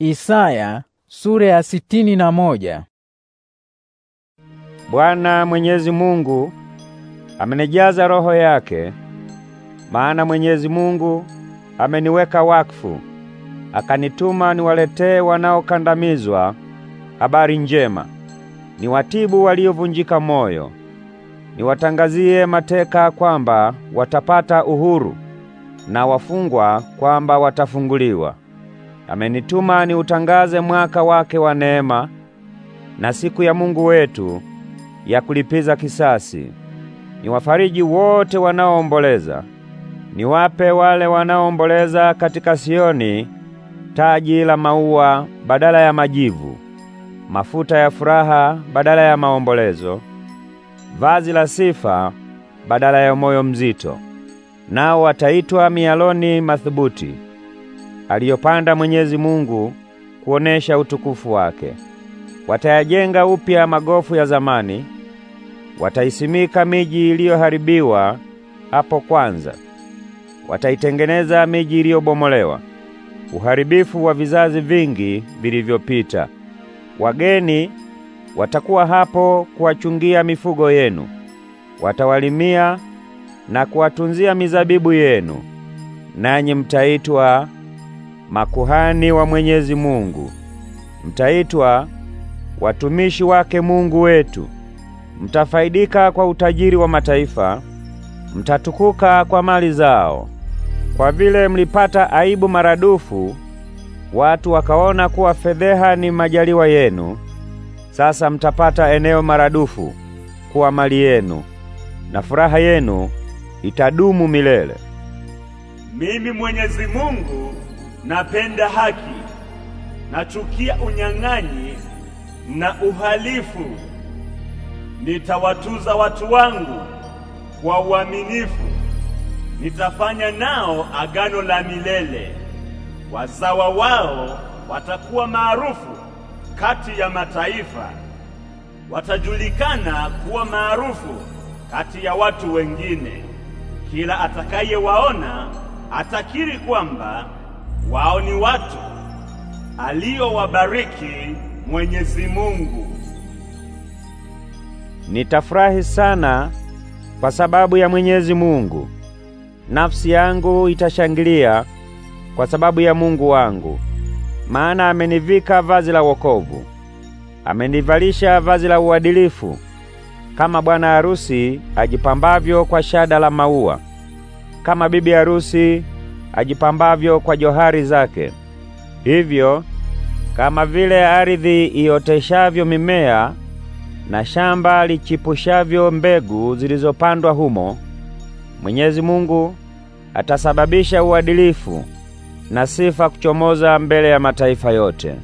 Isaya sura ya sitini na moja. Bwana Mwenyezi Mungu amenijaza roho yake, maana Mwenyezi Mungu ameniweka wakfu, akanituma niwaletee wanaokandamizwa habari njema, niwatibu waliovunjika moyo, niwatangazie mateka kwamba watapata uhuru na wafungwa kwamba watafunguliwa amenituma niutangaze mwaka wake wa neema na siku ya Mungu wetu ya kulipiza kisasi, niwafariji wote wanaoomboleza, niwape wale wanaoomboleza katika Sioni taji la maua badala ya majivu, mafuta ya furaha badala ya maombolezo, vazi la sifa badala ya moyo mzito. Nao wataitwa mialoni madhubuti aliyopanda Mwenyezi Mungu kuonesha utukufu wake. Watayajenga upya magofu ya zamani, wataisimika miji iliyoharibiwa hapo kwanza, wataitengeneza miji iliyobomolewa, uharibifu wa vizazi vingi vilivyopita. Wageni watakuwa hapo kuwachungia mifugo yenu, watawalimia na kuwatunzia mizabibu yenu, nanyi mtaitwa makuhani wa Mwenyezi Mungu. Mtaitwa watumishi wake Mungu wetu. Mtafaidika kwa utajiri wa mataifa, mtatukuka kwa mali zao. Kwa vile mlipata aibu maradufu, watu wakaona kuwa fedheha ni majaliwa yenu. Sasa mtapata eneo maradufu kuwa mali yenu, na furaha yenu itadumu milele. Mimi Mwenyezi Mungu napenda haki, nachukia unyang'anyi na uhalifu. Nitawatuza watu wangu kwa uaminifu, nitafanya nao agano la milele. Wazawa wao watakuwa maarufu kati ya mataifa, watajulikana kuwa maarufu kati ya watu wengine. Kila atakayewaona atakiri kwamba wao ni watu aliowabariki Mwenyezi Mungu. Nitafurahi sana kwa sababu ya Mwenyezi Mungu. Nafsi yangu itashangilia kwa sababu ya Mungu wangu, maana amenivika vazi la wokovu, amenivalisha vazi la uadilifu, kama bwana harusi ajipambavyo kwa shada la maua, kama bibi harusi ajipambavyo kwa johari zake. Hivyo kama vile ardhi ioteshavyo mimea na shamba lichipushavyo mbegu zilizopandwa humo, Mwenyezi Mungu atasababisha uadilifu na sifa kuchomoza mbele ya mataifa yote.